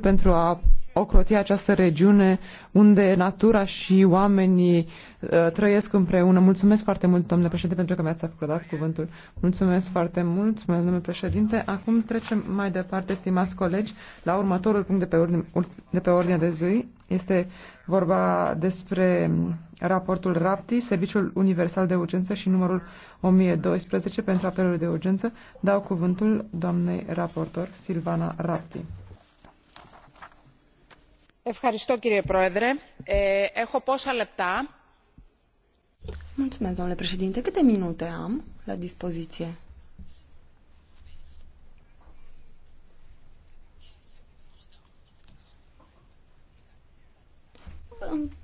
pentru a ocroti această regiune unde natura și oamenii uh, trăiesc împreună. Mulțumesc foarte mult, domnule președinte, pentru că mi-ați acordat cuvântul. Mulțumesc foarte mult, domnule președinte. Acum trecem mai departe, stimați colegi, la următorul punct de pe, ordine, de pe ordinea de zi. Este vorba despre raportul RAPTI, Serviciul Universal de Urgență și numărul 1012 pentru apeluri de urgență. Dau cuvântul doamnei raportor Silvana RAPTI. Mulțumesc, domnule președinte. Câte minute am la dispoziție?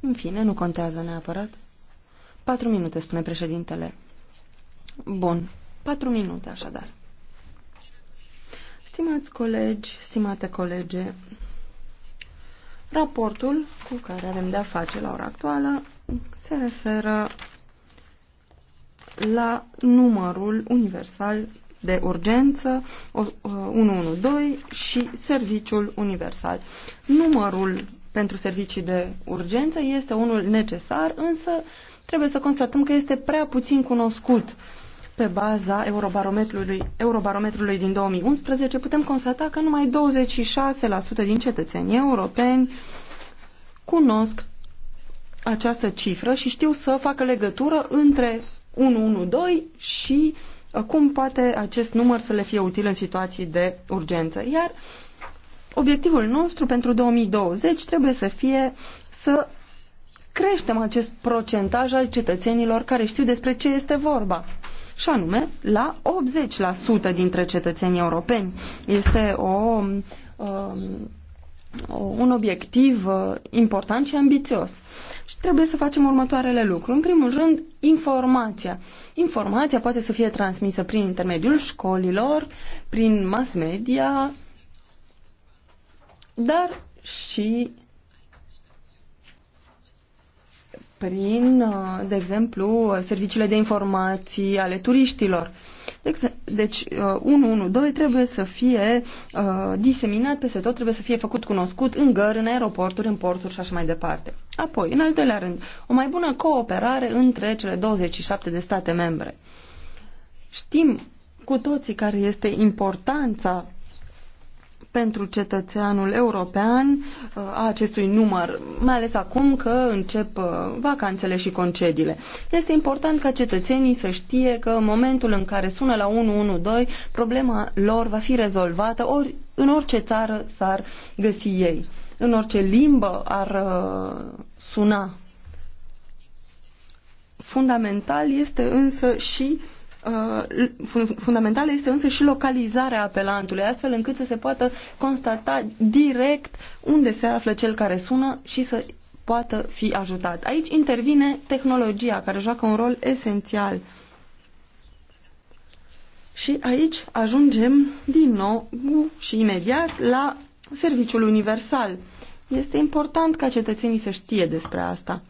În fine, nu contează neapărat. Patru minute, spune președintele. Bun, patru minute așadar. Stimați colegi, stimate colege, Raportul cu care avem de-a face la ora actuală se referă la numărul universal de urgență 112 și serviciul universal. Numărul pentru servicii de urgență este unul necesar, însă trebuie să constatăm că este prea puțin cunoscut pe baza eurobarometrului, eurobarometrului din 2011 putem constata că numai 26% din cetățenii europeni cunosc această cifră și știu să facă legătură între 112 și uh, cum poate acest număr să le fie util în situații de urgență. Iar obiectivul nostru pentru 2020 trebuie să fie să creștem acest procentaj al cetățenilor care știu despre ce este vorba și anume la 80% dintre cetățenii europeni. Este o, um, um, un obiectiv uh, important și ambițios. Și trebuie să facem următoarele lucruri. În primul rând, informația. Informația poate să fie transmisă prin intermediul școlilor, prin mass media, dar și prin, uh, de exemplu, serviciile de informații ale turiștilor. Deci, 112 uh, trebuie să fie uh, diseminat peste tot, trebuie să fie făcut cunoscut în gări, în aeroporturi, în porturi și așa mai departe. Apoi, în al doilea rând, o mai bună cooperare între cele 27 de state membre. Știm cu toții care este importanța pentru cetățeanul european uh, a acestui număr, mai ales acum că încep uh, vacanțele și concediile. Este important ca cetățenii să știe că în momentul în care sună la 112, problema lor va fi rezolvată ori în orice țară s-ar găsi ei, în orice limbă ar uh, suna fundamental este însă și Uh, fundamentală este însă și localizarea apelantului, astfel încât să se poată constata direct unde se află cel care sună și să poată fi ajutat. Aici intervine tehnologia, care joacă un rol esențial. Și aici ajungem din nou și imediat la serviciul universal. Este important ca cetățenii să știe despre asta.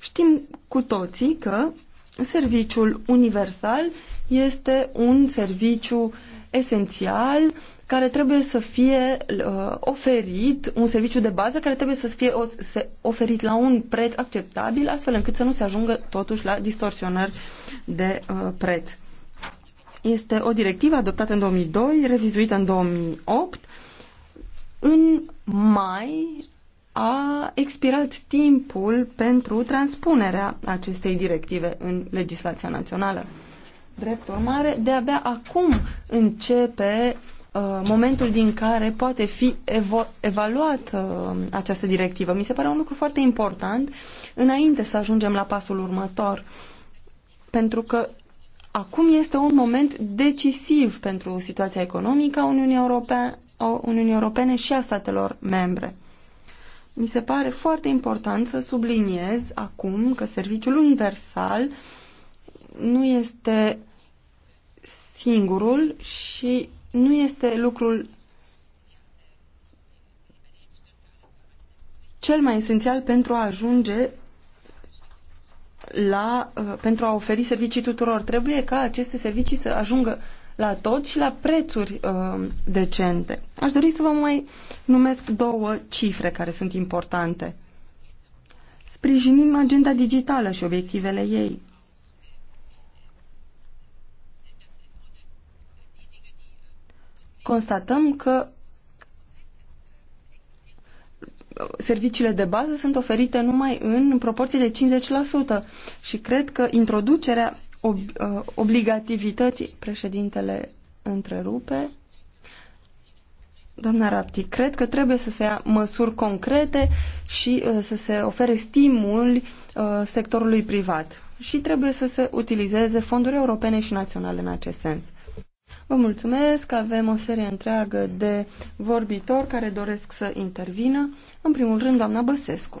Știm cu toții că serviciul universal este un serviciu esențial care trebuie să fie uh, oferit, un serviciu de bază care trebuie să fie o, se, oferit la un preț acceptabil, astfel încât să nu se ajungă totuși la distorsionări de uh, preț. Este o directivă adoptată în 2002, revizuită în 2008. În mai a expirat timpul pentru transpunerea acestei directive în legislația națională. Drept urmare, de-abia acum începe uh, momentul din care poate fi evaluat uh, această directivă. Mi se pare un lucru foarte important înainte să ajungem la pasul următor, pentru că acum este un moment decisiv pentru situația economică a Uniunii, a Uniunii Europene și a statelor membre. Mi se pare foarte important să subliniez acum că serviciul universal nu este singurul și nu este lucrul cel mai esențial pentru a ajunge la, uh, pentru a oferi servicii tuturor. Trebuie ca aceste servicii să ajungă la tot și la prețuri uh, decente. Aș dori să vă mai numesc două cifre care sunt importante. Sprijinim agenda digitală și obiectivele ei. Constatăm că serviciile de bază sunt oferite numai în proporție de 50% și cred că introducerea ob, uh, obligativității, președintele întrerupe. Doamna Rapti, cred că trebuie să se ia măsuri concrete și uh, să se ofere stimuli uh, sectorului privat și trebuie să se utilizeze fonduri europene și naționale în acest sens. Vă mulțumesc, avem o serie întreagă de vorbitori care doresc să intervină. În primul rând, doamna Băsescu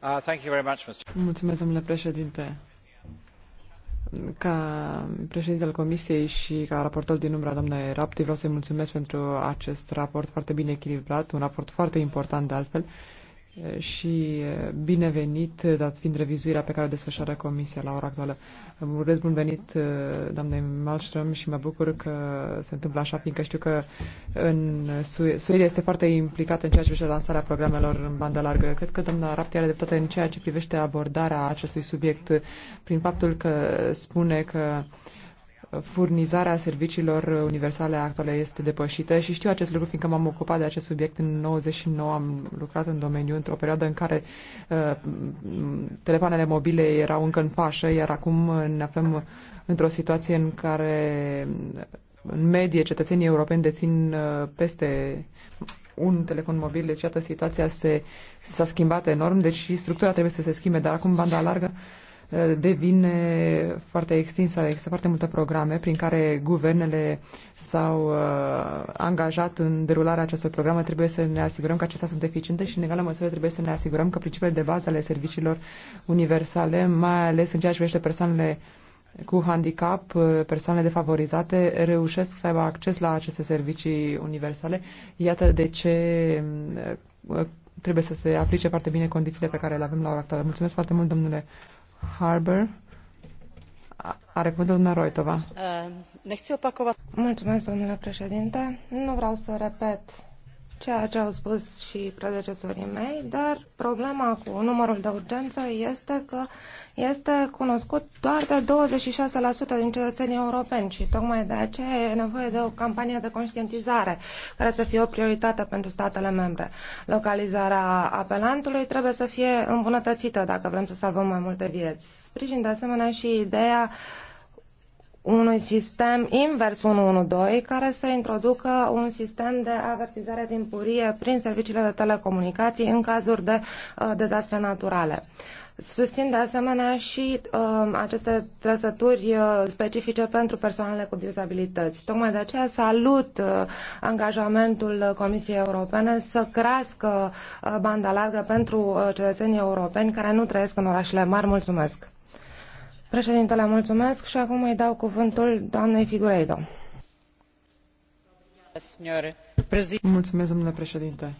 Uh, mulțumesc, președinte. Ca președinte al Comisiei și ca raportor din umbra doamnei Rapti, vreau să-i mulțumesc pentru acest raport foarte bine echilibrat, un raport foarte important de altfel și binevenit, dat fiind revizuirea pe care o desfășoară Comisia la ora actuală. Îmi urez bun venit doamnei Malmström și mă bucur că se întâmplă așa, fiindcă știu că în Suedia este foarte implicată în ceea ce privește lansarea programelor în bandă largă. Cred că doamna Rapti are dreptate în ceea ce privește abordarea acestui subiect prin faptul că spune că uh, furnizarea serviciilor universale actuale este depășită și știu acest lucru fiindcă m-am ocupat de acest subiect în 99, am lucrat în domeniu într-o perioadă în care uh, telefoanele mobile erau încă în fașă, iar acum ne aflăm într-o situație în care în medie cetățenii europeni dețin uh, peste un telefon mobil, deci iată situația se, s-a schimbat enorm, deci structura trebuie să se schimbe, dar acum banda largă uh, Eh, devine foarte extinsă. Există foarte multe programe prin care guvernele s-au eh, angajat în derularea acestor programe. Trebuie să ne asigurăm că acestea sunt eficiente și, în egală măsură, trebuie să ne asigurăm că principiile de bază ale serviciilor universale, mai ales în ceea ce privește persoanele cu handicap, eh, persoanele defavorizate reușesc să aibă acces la aceste servicii universale. Iată de ce trebuie să se aplice foarte bine condițiile pe care le avem la ora actuală. Mulțumesc foarte mult, domnule Harbour are cuvântul doamna Roitova. Uh, Mulțumesc, domnule președinte. Nu vreau să repet ceea ce au spus și predecesorii mei, dar problema cu numărul de urgență este că este cunoscut doar de 26% din cetățenii europeni și tocmai de aceea e nevoie de o campanie de conștientizare care să fie o prioritate pentru statele membre. Localizarea apelantului trebuie să fie îmbunătățită dacă vrem să salvăm mai multe vieți. Sprijin de asemenea și ideea uh, unui sistem invers 112 care să introducă un sistem de avertizare timpurie prin serviciile de telecomunicații în cazuri de uh, dezastre naturale. Susțin de asemenea și uh, aceste trăsături uh, specifice pentru persoanele cu dizabilități. Tocmai de aceea salut uh, angajamentul Comisiei Europene să crească uh, banda largă pentru uh, cetățenii europeni care nu trăiesc în orașele mari. Mulțumesc! Președintele, mulțumesc și acum îi dau cuvântul doamnei Figureido. Mulțumesc, domnule președinte.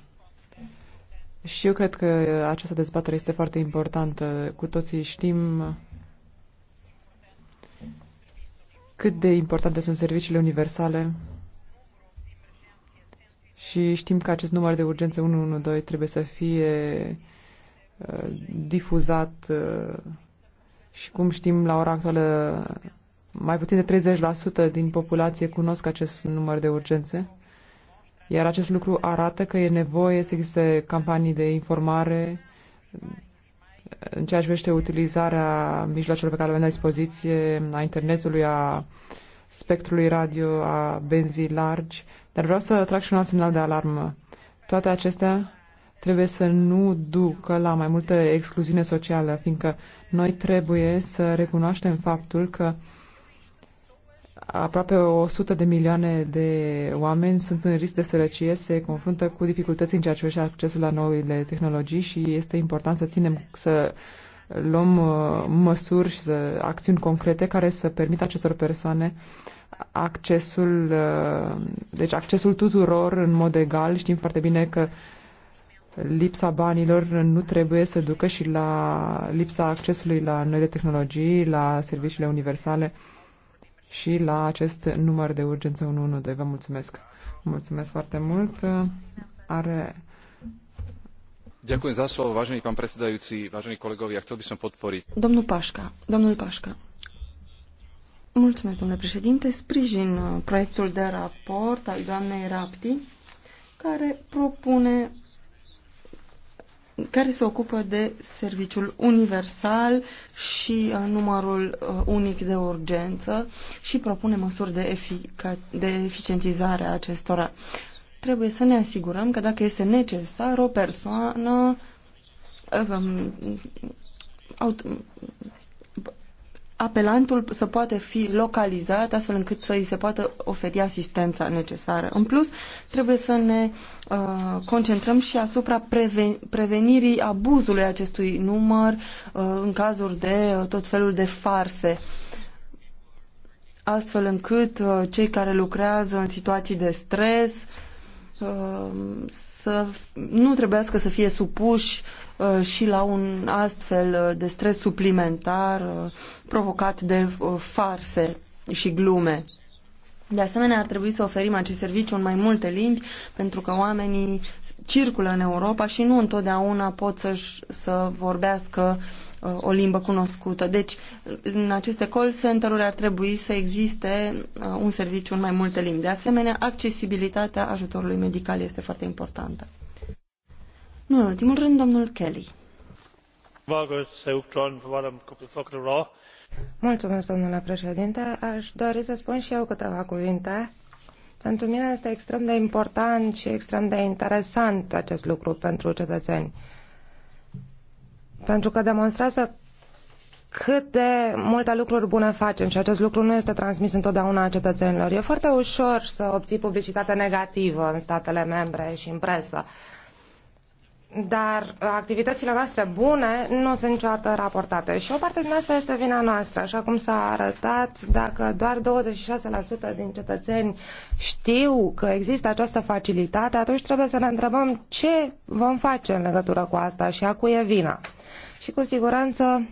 Și eu cred că această dezbatere este foarte importantă. Cu toții știm cât de importante sunt serviciile universale și știm că acest număr de urgență 112 trebuie să fie uh, difuzat uh, și cum știm, la ora actuală, mai puțin de 30% din populație cunosc acest număr de urgențe. Iar acest lucru arată că e nevoie să existe campanii de informare în ceea ce privește utilizarea mijloacelor pe care le avem la dispoziție, a internetului, a spectrului radio, a benzii largi. Dar vreau să trag și un alt semnal de alarmă. Toate acestea trebuie să nu ducă la mai multă excluziune socială, fiindcă noi trebuie să recunoaștem faptul că aproape 100 de milioane de oameni sunt în risc de sărăcie, se confruntă cu dificultăți în ceea ce privește accesul la noile tehnologii și este important să ținem, să luăm uh, măsuri și să, acțiuni concrete care să permită acestor persoane accesul, uh, deci accesul tuturor în mod egal. Știm foarte bine că lipsa banilor nu trebuie să ducă și la lipsa accesului la noile tehnologii, la serviciile universale și la acest număr de urgență 112. Vă mulțumesc. Mulțumesc foarte mult. Are Ďakujem za slovo, vážený pán predsedajúci, vážení kolegovia, chcel by som podporiť. Domnul Paška, domnul Paška. Mulțumesc, domnule președinte. Sprijin uh, proiectul de raport al doamnei Rapti, care propune care se ocupă de serviciul universal și uh, numărul uh, unic de urgență și propune măsuri de, efic- de eficientizare a acestora. Trebuie să ne asigurăm că dacă este necesar, o persoană uh, um, apelantul să poată fi localizat astfel încât să îi se poată oferi asistența necesară. În plus, trebuie să ne uh, concentrăm și asupra preven prevenirii abuzului acestui număr uh, în cazuri de uh, tot felul de farse astfel încât uh, cei care lucrează în situații de stres uh, să nu trebuiască să fie supuși Uh, și la un astfel uh, de stres suplimentar uh, provocat de farse și glume. De asemenea, ar trebui să oferim acest serviciu în mai multe limbi, pentru că oamenii circulă în Europa și nu întotdeauna pot să, să vorbească o limbă cunoscută. Deci, în aceste call center-uri ar trebui să existe un serviciu în mai multe limbi. De asemenea, accesibilitatea ajutorului medical este foarte importantă. Nu în ultimul rând, domnul Kelly. Mulțumesc, domnule președinte. Aș dori să spun și eu câteva cuvinte. Pentru mine este extrem de important și extrem de interesant acest lucru pentru cetățeni. Pentru că demonstrează cât de multe lucruri bune facem și acest lucru nu este transmis întotdeauna cetățenilor. E foarte ușor să obții publicitate negativă în statele membre și în presă dar uh, activitățile noastre bune nu sunt niciodată raportate. Și o parte din asta este vina noastră, așa cum s-a arătat, dacă doar 26% din cetățeni știu că există această facilitate, atunci trebuie să ne întrebăm ce vom face în legătură cu asta și a cui e vina. Și cu siguranță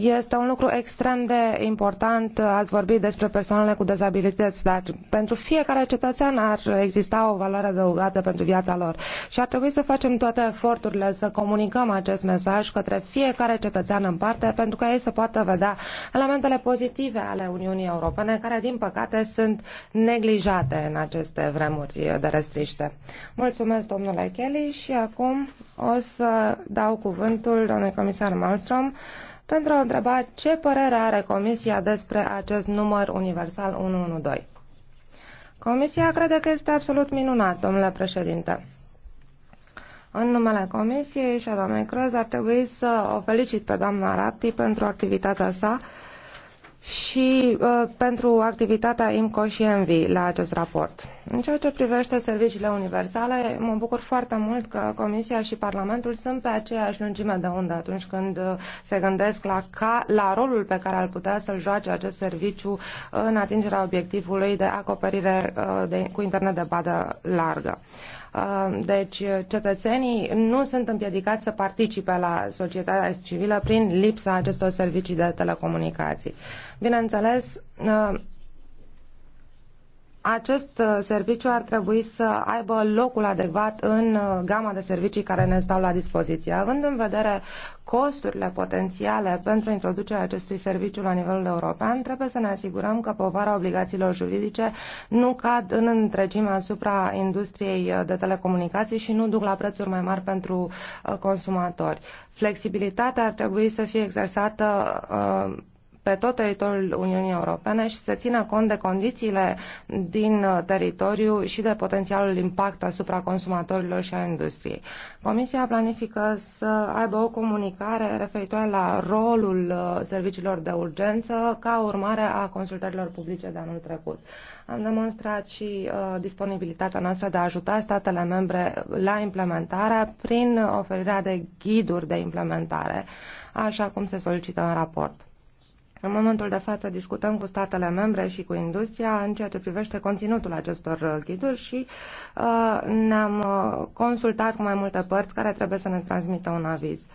este un lucru extrem de important. Ați vorbit despre persoanele cu dezabilități, dar pentru fiecare cetățean ar exista o valoare adăugată pentru viața lor. Și ar trebui să facem toate eforturile să comunicăm acest mesaj către fiecare cetățean în parte pentru ca ei să poată vedea elementele pozitive ale Uniunii Europene, care, din păcate, sunt neglijate în aceste vremuri de restriște. Mulțumesc, domnule Kelly, și acum o să dau cuvântul domnului comisar Malmström pentru a întreba ce părere are Comisia despre acest număr universal 112. Comisia crede că este absolut minunat, domnule președinte. În numele Comisiei și a doamnei Crăz ar trebui să o felicit pe doamna Rapti pentru activitatea sa și uh, pentru activitatea IMCO și ENVI la acest raport. În ceea ce privește serviciile universale, mă bucur foarte mult că Comisia și Parlamentul sunt pe aceeași lungime de undă atunci când uh, se gândesc la, ca, la rolul pe care ar putea să-l joace acest serviciu în atingerea obiectivului de acoperire uh, de, cu internet de bază largă. Uh, deci cetățenii nu sunt împiedicați să participe la societatea civilă prin lipsa acestor servicii de telecomunicații. Bineînțeles, acest uh, serviciu ar trebui să aibă locul adecvat în uh, gama de servicii care ne stau la dispoziție. Având în vedere costurile potențiale pentru introducerea acestui serviciu la nivelul european, trebuie să ne asigurăm că povara obligațiilor juridice nu cad în întregime asupra industriei uh, de telecomunicații și nu duc la prețuri mai mari pentru consumatori. Flexibilitatea ar trebui să fie exersată pe tot teritoriul Uniunii Europene și să țină cont de condițiile din uh, teritoriu și de potențialul impact asupra consumatorilor și a industriei. Comisia planifică să aibă o comunicare referitoare la rolul uh, serviciilor de urgență ca urmare a consultărilor publice de anul trecut. Am demonstrat și uh, disponibilitatea noastră de a ajuta statele membre la implementare prin oferirea de ghiduri de implementare, așa cum se solicită în raport. În momentul de față discutăm cu statele membre și cu industria în ceea ce privește conținutul acestor uh, ghiduri și uh, ne-am uh, consultat cu mai multe părți care trebuie să ne transmită un aviz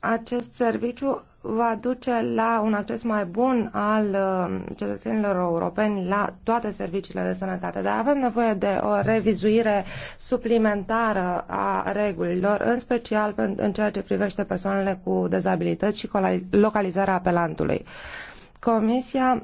acest serviciu va duce la un acces mai bun al uh, cetățenilor europeni la toate serviciile de sănătate, dar avem nevoie de o revizuire suplimentară a regulilor, în special în ceea ce privește persoanele cu dezabilități și localizarea apelantului. Comisia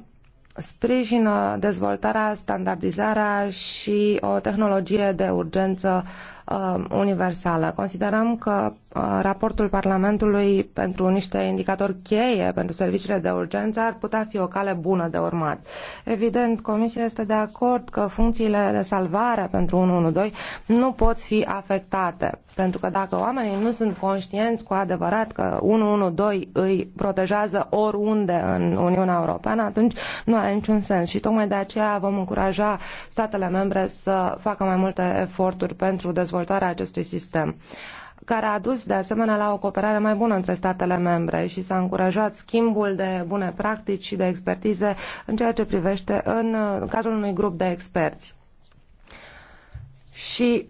sprijină dezvoltarea, standardizarea și o tehnologie de urgență uh, uh, universală. Considerăm că uh, raportul Parlamentului pentru niște indicatori cheie pentru serviciile de urgență ar putea fi o cale bună de urmat. Evident, Comisia este de acord că funcțiile de salvare pentru 112 nu pot fi afectate, pentru că dacă oamenii nu sunt conștienți cu adevărat că 112 îi protejează oriunde în Uniunea Europeană, atunci nu are niciun sens și tocmai de aceea vom încuraja statele membre să facă mai multe eforturi pentru dezvoltarea dezvoltarea acestui sistem care a dus de asemenea la o cooperare mai bună între statele membre și s-a încurajat schimbul de bune practici și de expertize în ceea ce privește în cadrul unui grup de experți. Și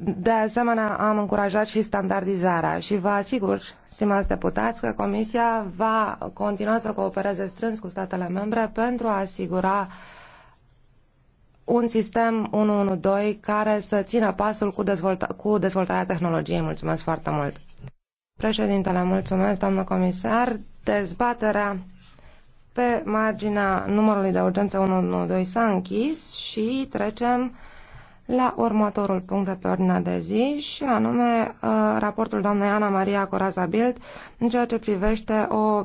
de asemenea, am încurajat și standardizarea și vă asigur, stimați deputați, că Comisia va continua să coopereze strâns cu statele membre pentru a asigura uh, un sistem 112 care să țină pasul cu, dezvolta cu dezvoltarea tehnologiei. Mulțumesc foarte mult! Președintele, mulțumesc, doamnă comisar. Dezbaterea pe marginea numărului de urgență 112 s-a închis și trecem la următorul punct de pe ordinea de zi și anume uh, raportul doamnei Ana Maria Coraza Bild în ceea ce privește o